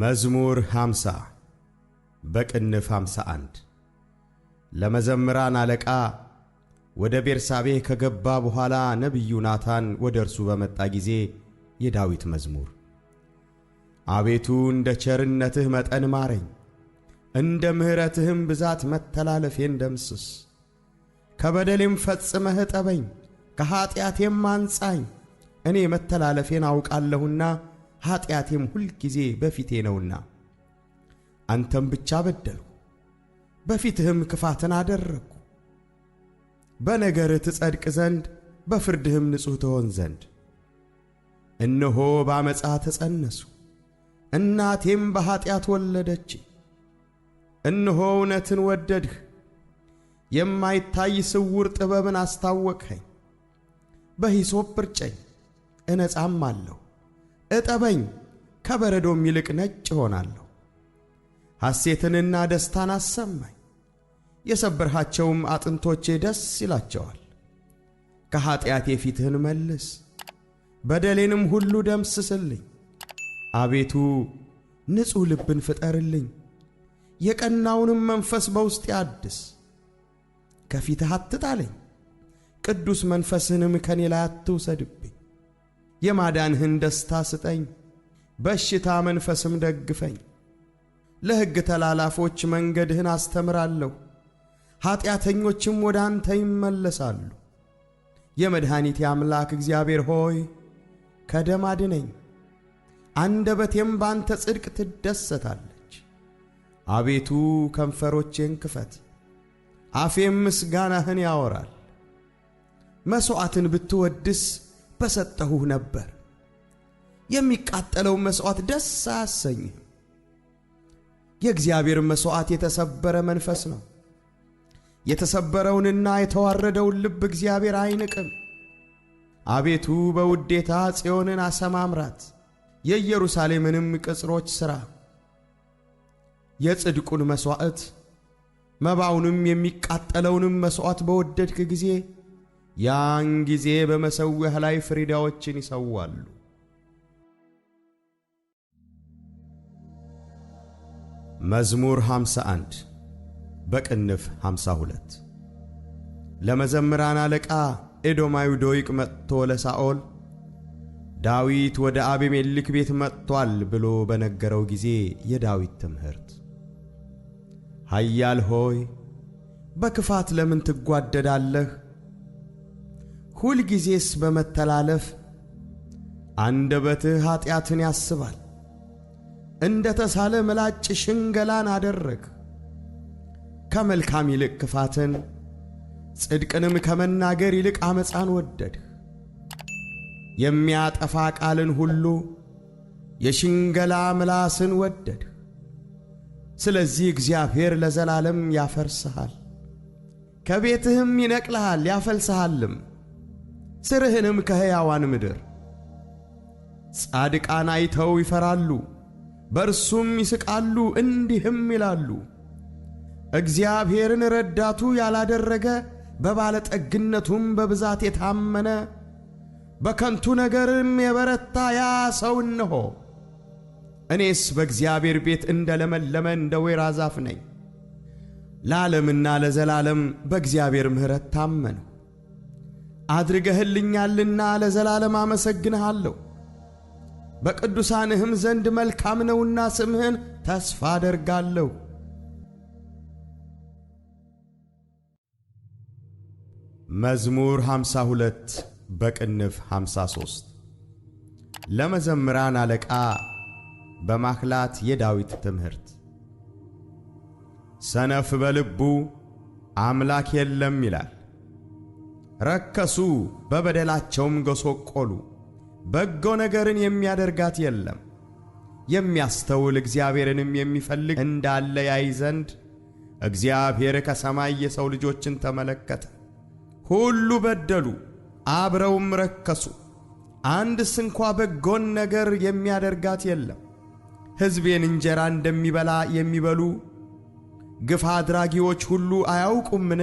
መዝሙር ሃምሳ በቅንፍ 51 ለመዘምራን አለቃ ወደ ቤርሳቤህ ከገባ በኋላ ነቢዩ ናታን ወደ እርሱ በመጣ ጊዜ የዳዊት መዝሙር። አቤቱ እንደ ቸርነትህ መጠን ማረኝ፣ እንደ ምሕረትህም ብዛት መተላለፌን ደምስስ። ከበደሌም ፈጽመህ እጠበኝ፣ ከኀጢአቴም አንጻኝ፤ እኔ መተላለፌን አውቃለሁና ኀጢአቴም ሁልጊዜ በፊቴ ነውና። አንተም ብቻ በደልሁ፣ በፊትህም ክፋትን አደረግሁ፤ በነገርህ ትጸድቅ ዘንድ በፍርድህም ንጹሕ ትሆን ዘንድ። እነሆ በዓመፃ ተጸነሱ እናቴም በኀጢአት ወለደችኝ። እነሆ እውነትን ወደድህ፣ የማይታይ ስውር ጥበብን አስታወቅኸኝ። በሂሶጵ እርጨኝ እነጻም አለሁ እጠበኝ፣ ከበረዶም ይልቅ ነጭ እሆናለሁ። ሐሴትንና ደስታን አሰማኝ፣ የሰበርሃቸውም አጥንቶቼ ደስ ይላቸዋል። ከኀጢአቴ ፊትህን መልስ፣ በደሌንም ሁሉ ደምስስልኝ። አቤቱ ንጹሕ ልብን ፍጠርልኝ፣ የቀናውንም መንፈስ በውስጤ አድስ። ከፊትህ አትጣለኝ፣ ቅዱስ መንፈስህንም ከኔ ላይ አትውሰድብኝ። የማዳንህን ደስታ ስጠኝ፣ በሽታ መንፈስም ደግፈኝ። ለሕግ ተላላፎች መንገድህን አስተምራለሁ፣ ኀጢአተኞችም ወደ አንተ ይመለሳሉ። የመድኃኒቴ አምላክ እግዚአብሔር ሆይ ከደም አድነኝ፣ አንደበቴም ባንተ ጽድቅ ትደሰታለች። አቤቱ ከንፈሮቼን ክፈት፣ አፌም ምስጋናህን ያወራል። መሥዋዕትን ብትወድስ በሰጠሁህ ነበር። የሚቃጠለውን መሥዋዕት ደስ አያሰኝህም። የእግዚአብሔር መሥዋዕት የተሰበረ መንፈስ ነው። የተሰበረውንና የተዋረደውን ልብ እግዚአብሔር አይንቅም። አቤቱ በውዴታ ጽዮንን አሰማምራት፣ የኢየሩሳሌምንም ቅጽሮች ሥራ። የጽድቁን መሥዋዕት መባውንም የሚቃጠለውንም መሥዋዕት በወደድክ ጊዜ ያን ጊዜ በመሠዊያህ ላይ ፍሪዳዎችን ይሰዋሉ። መዝሙር 51 በቅንፍ 52 ለመዘምራን አለቃ ኤዶማዊ ዶይቅ መጥቶ ለሳኦል ዳዊት ወደ አቤሜሌክ ቤት መጥቶአል ብሎ በነገረው ጊዜ የዳዊት ትምህርት። ኃያል ሆይ በክፋት ለምን ትጓደዳለህ? ሁልጊዜስ በመተላለፍ አንደበትህ ኀጢአትን ያስባል። እንደ ተሳለ ምላጭ ሽንገላን አደረግ። ከመልካም ይልቅ ክፋትን፣ ጽድቅንም ከመናገር ይልቅ አመፃን ወደድህ። የሚያጠፋ ቃልን ሁሉ የሽንገላ ምላስን ወደድህ። ስለዚህ እግዚአብሔር ለዘላለም ያፈርስሃል፣ ከቤትህም ይነቅልሃል ያፈልስሃልም። ሥርህንም ከሕያዋን ምድር። ጻድቃን አይተው ይፈራሉ፣ በእርሱም ይስቃሉ፣ እንዲህም ይላሉ፦ እግዚአብሔርን ረዳቱ ያላደረገ በባለጠግነቱም በብዛት የታመነ በከንቱ ነገርም የበረታ ያ ሰው እነሆ። እኔስ በእግዚአብሔር ቤት እንደ ለመለመ እንደ ወይራ ዛፍ ነኝ፤ ለዓለምና ለዘላለም በእግዚአብሔር ምሕረት ታመንሁ። አድርገህልኛልና ለዘላለም አመሰግንሃለሁ። በቅዱሳንህም ዘንድ መልካም ነውና ስምህን ተስፋ አደርጋለሁ። መዝሙር 52 በቅንፍ 53 ለመዘምራን አለቃ በማክላት የዳዊት ትምህርት። ሰነፍ በልቡ አምላክ የለም ይላል ረከሱ፣ በበደላቸውም ገሶቆሉ! በጎ ነገርን የሚያደርጋት የለም። የሚያስተውል እግዚአብሔርንም የሚፈልግ እንዳለ ያይ ዘንድ እግዚአብሔር ከሰማይ የሰው ልጆችን ተመለከተ። ሁሉ በደሉ፣ አብረውም ረከሱ፤ አንድ ስንኳ በጎን ነገር የሚያደርጋት የለም። ሕዝቤን እንጀራ እንደሚበላ የሚበሉ ግፍ አድራጊዎች ሁሉ አያውቁምን?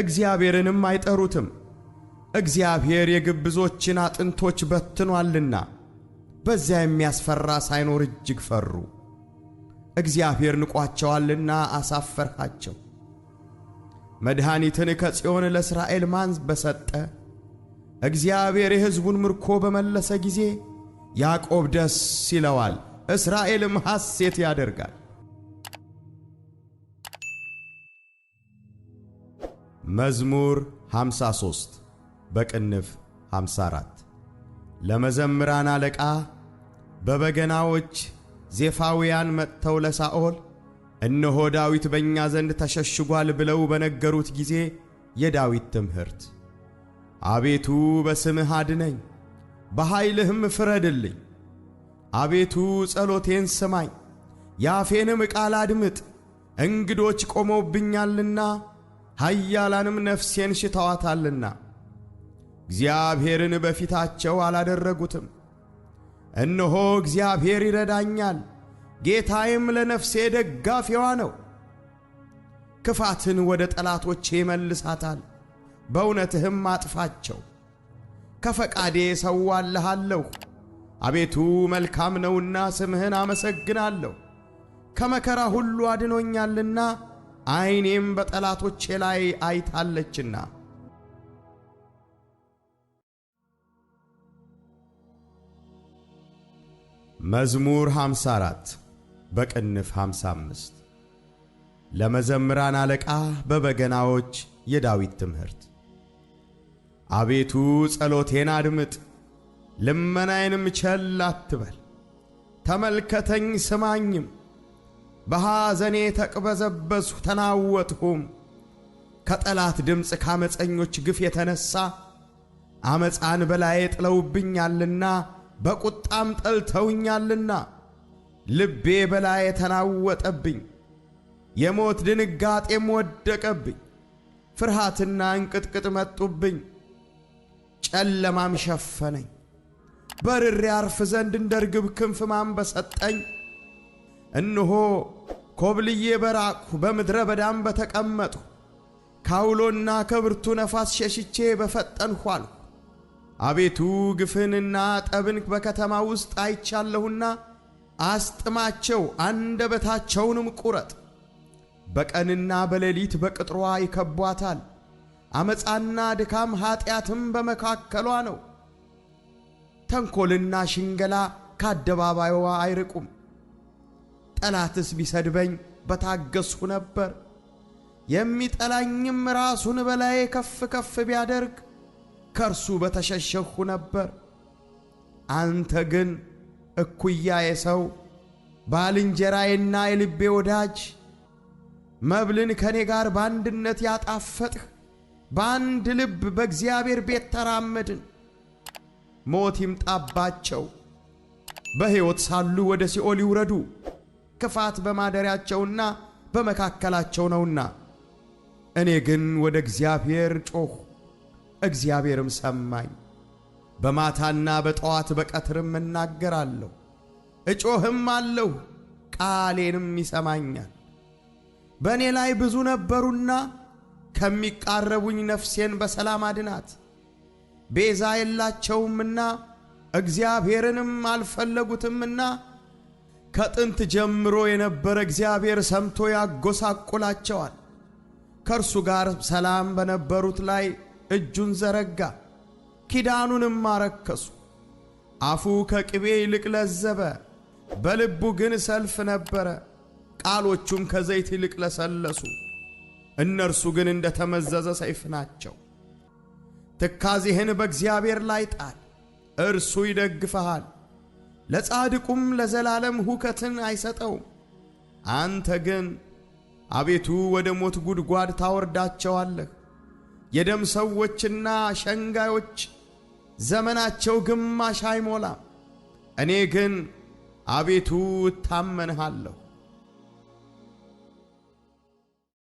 እግዚአብሔርንም አይጠሩትም። እግዚአብሔር የግብዞችን አጥንቶች በትኗልና በዚያ የሚያስፈራ ሳይኖር እጅግ ፈሩ። እግዚአብሔር ንቋቸዋልና አሳፈርሃቸው። መድኃኒትን ከጽዮን ለእስራኤል ማን በሰጠ? እግዚአብሔር የሕዝቡን ምርኮ በመለሰ ጊዜ ያዕቆብ ደስ ይለዋል፣ እስራኤልም ሐሴት ያደርጋል። መዝሙር 53 በቅንፍ 54 ለመዘምራን አለቃ በበገናዎች ዜፋውያን መጥተው ለሳኦል እነሆ ዳዊት በእኛ ዘንድ ተሸሽጓል ብለው በነገሩት ጊዜ የዳዊት ትምህርት። አቤቱ በስምህ አድነኝ፣ በኃይልህም ፍረድልኝ። አቤቱ ጸሎቴን ስማኝ፣ የአፌንም ቃል አድምጥ፤ እንግዶች ቆመውብኛልና ኃያላንም ነፍሴን ሽተዋታልና እግዚአብሔርን በፊታቸው አላደረጉትም። እነሆ እግዚአብሔር ይረዳኛል፣ ጌታዬም ለነፍሴ ደጋፊዋ ነው። ክፋትን ወደ ጠላቶቼ ይመልሳታል፣ በእውነትህም አጥፋቸው። ከፈቃዴ እሠዋልሃለሁ፣ አቤቱ መልካም ነውና ስምህን አመሰግናለሁ። ከመከራ ሁሉ አድኖኛልና ዓይኔም በጠላቶቼ ላይ አይታለችና መዝሙር 54 በቅንፍ 55 ለመዘምራን አለቃ በበገናዎች የዳዊት ትምህርት። አቤቱ ጸሎቴን አድምጥ፣ ልመናዬንም ቸል አትበል፤ ተመልከተኝ ስማኝም በሐዘኔ ተቅበዘበዝሁ ተናወጥሁም። ከጠላት ድምፅ ካመፀኞች ግፍ የተነሣ አመፃን በላዬ ጥለውብኛልና በቁጣም ጠልተውኛልና ልቤ በላዬ ተናወጠብኝ፣ የሞት ድንጋጤም ወደቀብኝ። ፍርሃትና እንቅጥቅጥ መጡብኝ፣ ጨለማም ሸፈነኝ። በርሬ አርፍ ዘንድ እንደ ርግብ ክንፍ ማን በሰጠኝ? እንሆ ኮብልዬ በራቅሁ በምድረ በዳም በተቀመጥሁ ካውሎና ከብርቱ ነፋስ ሸሽቼ በፈጠንሁ አልሁ። አቤቱ ግፍንና ጠብን በከተማ ውስጥ አይቻለሁና አስጥማቸው፣ አንደበታቸውንም ቁረጥ። በቀንና በሌሊት በቅጥሯ ይከቧታል። አመፃና ድካም ኀጢአትም በመካከሏ ነው። ተንኰልና ሽንገላ ከአደባባይዋ አይርቁም። ጠላትስ ቢሰድበኝ በታገስሁ ነበር። የሚጠላኝም ራሱን በላዬ ከፍ ከፍ ቢያደርግ ከእርሱ በተሸሸሁ ነበር። አንተ ግን እኩያዬ ሰው፣ ባልንጀራዬና የልቤ ወዳጅ፣ መብልን ከኔ ጋር በአንድነት ያጣፈጥህ፣ በአንድ ልብ በእግዚአብሔር ቤት ተራመድን። ሞት ይምጣባቸው፣ በሕይወት ሳሉ ወደ ሲኦል ይውረዱ። ክፋት በማደሪያቸውና በመካከላቸው ነውና። እኔ ግን ወደ እግዚአብሔር ጮህ እግዚአብሔርም ሰማኝ። በማታና በጠዋት በቀትርም እናገራለሁ፣ እጮህም አለሁ፣ ቃሌንም ይሰማኛል። በእኔ ላይ ብዙ ነበሩና ከሚቃረቡኝ ነፍሴን በሰላም አድናት። ቤዛ የላቸውምና እግዚአብሔርንም አልፈለጉትምና ከጥንት ጀምሮ የነበረ እግዚአብሔር ሰምቶ ያጎሳቁላቸዋል። ከእርሱ ጋር ሰላም በነበሩት ላይ እጁን ዘረጋ፣ ኪዳኑንም አረከሱ። አፉ ከቅቤ ይልቅ ለዘበ፣ በልቡ ግን ሰልፍ ነበረ። ቃሎቹም ከዘይት ይልቅ ለሰለሱ፣ እነርሱ ግን እንደ ተመዘዘ ሰይፍ ናቸው። ትካዜህን በእግዚአብሔር ላይ ጣል፣ እርሱ ይደግፈሃል። ለጻድቁም ለዘላለም ሁከትን አይሰጠውም። አንተ ግን አቤቱ ወደ ሞት ጉድጓድ ታወርዳቸዋለህ። የደም ሰዎችና ሸንጋዮች ዘመናቸው ግማሽ አይሞላም። እኔ ግን አቤቱ እታመንሃለሁ።